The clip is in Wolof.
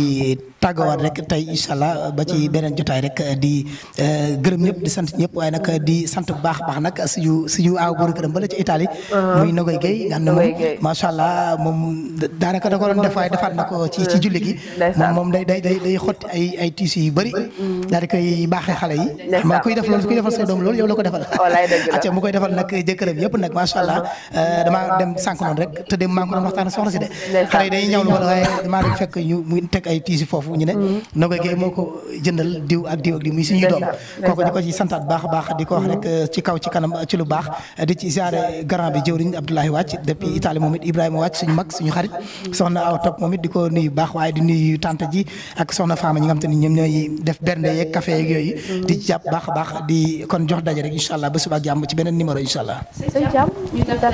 Eh, di tàggawaat rek tey incha ba ci rek di gërëm ñëpp di sant ñëpp waaye eh, di sant bu baax baax nag suñu suñu aaw boru këram ba ci Italie uh-huh. muy Nogoy Gueye nga xam ne moom macha allah moom daanaka da ko doon def waaye defaat ci ci julli gi moom moom day day day day ay ay tissu yu bëri mm-hmm. daal di koy baaxee xale yi ma def defal sa yow defal acca mu koy defal yëpp allah uh-huh. eh, dem sànq noonu rek te dem maa ko doon waxtaan soxna si de xale yi wala fekk ñu muy ay tiisi foofu ñu ne mm-hmm. Noga Gueye moo ko jëndal diw ak diw ak diw muy suñuy doom kooku di ko ci santaat baax a baax di ko rek mm-hmm. ci kaw ci kanam ci lu baax di ci ziare grand bi jëwriñ Abdoulaye Wàcc depuis Italie moom it Ibrahima Wàcc suñu mag suñu xarit soxna Awa Top moom it di ko nuyu baax waaye di nuyu tante ji ak soxna faam ñi ñu xam te ni ñoom ñooy def bernde yeeg café yooyu mm-hmm. di ci jàpp baax a baax di kon jox daje rek incha allah ba suba jàmm ci beneen numéro incha allah